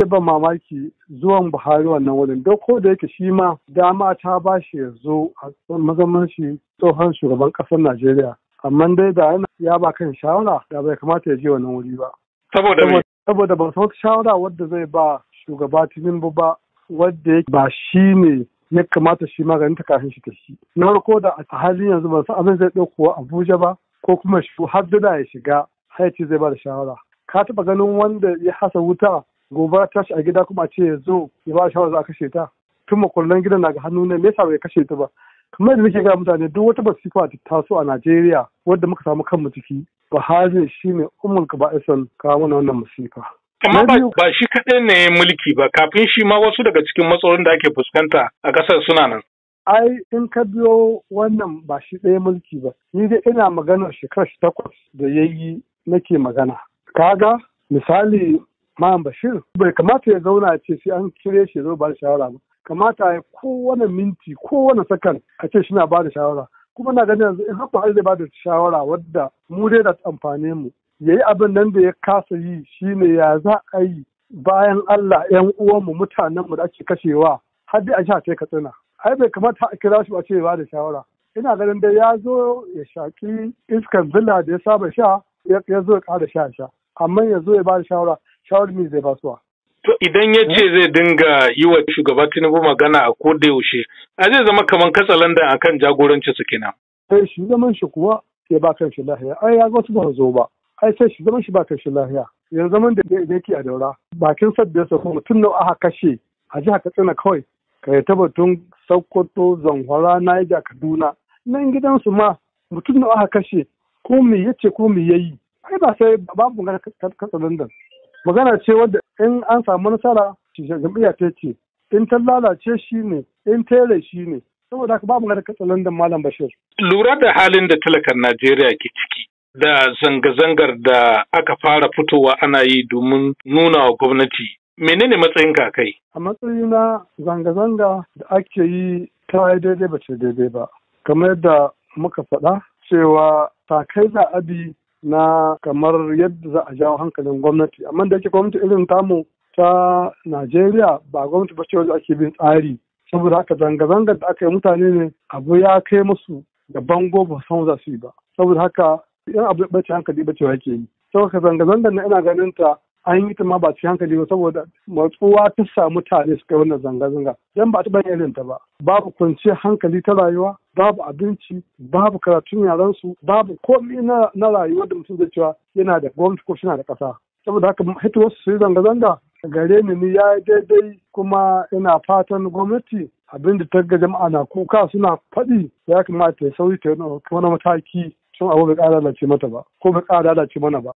Zai ban mamaki zuwan Buhari wannan wurin don ko da yake shi ma dama ta ba shi ya zo a mazaman shi tsohon shugaban ƙasar Najeriya. Amma dai da yana ya ba kan shawara da bai kamata ya je wannan wuri ba. Saboda Saboda su wata shawara wadda zai ba shugaba Tinubu ba wadda ba shi ne ya kamata shi maganin ta kafin shi ta shi. Na farko da a halin yanzu ba su abin zai ɗauko Abuja ba ko kuma shi har ya shiga haiti zai ba da shawara. Ka taɓa ganin wanda ya hasa wuta gobe ta shi a gida kuma a ce ya zo ya ba shawara za a kashe ta tun makullan gidan na ga hannu ne me yasa bai kashe ta ba kamar yadda nake ga mutane duk wata basifa ta taso a Najeriya wadda muka samu kan kanmu ciki Buhari ne umman ka ba isan kawo mana wannan musifa amma ba shi kaɗai ne mulki ba kafin shi ma wasu daga cikin matsalolin da ake fuskanta a ƙasar suna nan ai in ka biyo wannan ba shi ɗaya mulki ba ni dai ina magana shekarar takwas da ya yi nake magana kaga misali Malam Bashir bai kamata ya zauna a ce sai an kire shi zo ba da shawara ba. Kamata ya kowane minti kowane sakan a ce shina ba da shawara. Kuma na ganin yanzu in haka har zai ba da shawara wadda mu dai da amfane mu. Ya yi abin nan da ya kasa yi shine ya za a yi bayan Allah ‘yan uwanmu mutanenmu da ake kashewa har dai a sha ce katsina. Ai bai kamata a kira shi a ce ba da shawara. Ina ganin dai ya zo ya shaƙi iskar zilla da ya saba sha ya zo ya ƙara sha sha. Amma ya zo ya ba da shawara shawar mi zai basuwa. To idan ya ce zai dinga yi wa shugaba Tinubu magana a ko da yaushe, a zai zama kamar katsalandan akan jagoranci su kenan. Sai shi zaman shi kuwa ke ba kan shi lahiya, ai ya ga wasu ba zo ba, ai sai shi zaman shi ba kan shi lahiya. Yanzu zaman da yake a daura, bakin sabbi ya sauko mutum nawa aka kashe a jihar Katsina kawai, ka yi tabbatun Sokoto, Zamfara, Niger, Kaduna. Nan gidansu ma mutum nawa aka kashe ko me yace ko me yi. Ai ba sai babu katsalandan. magana ce wadda in an samu nasara jam'iyya ta ce in ta lalace shi ne in tere shi ne saboda haka babu da katsalandan malam bashir lura da halin da talakan najeriya ke ciki da zanga-zangar da aka fara fitowa ana yi domin nuna wa gwamnati menene matsayin kai? a matsayi na zanga-zanga da ake yi ta daidai ba ce daidai ba kamar yadda muka faɗa cewa ta za a bi na kamar yadda za a jawo hankalin gwamnati amma da yake gwamnati irin tamu ta Najeriya ba gwamnati ba ce wanda ake bin tsari saboda haka zanga-zangar da aka yi mutane ne abu ya kai musu da bango ba san za su yi ba saboda haka yan abu bace hankali bacewa yake yi saboda zanga zanga na ina ganin ta an yi ta ma ba su hankali ba saboda matsuwa ta samu mutane suka yi wannan zanga-zanga yan ba ta irin ta ba babu kwanciyar hankali ta rayuwa babu abinci babu karatun yaransu babu komai na rayuwa da mutum zai cewa yana da gwamnati ko suna da ƙasa saboda haka hito wasu su yi zanga-zanga gare ni ni ya daidai kuma ina fatan gwamnati abin da ta ga jama'a na kuka suna faɗi ya kamata ya sauri ta wani mataki sun abu bai ƙara lalace mata ba ko bai ƙara lalace mana ba.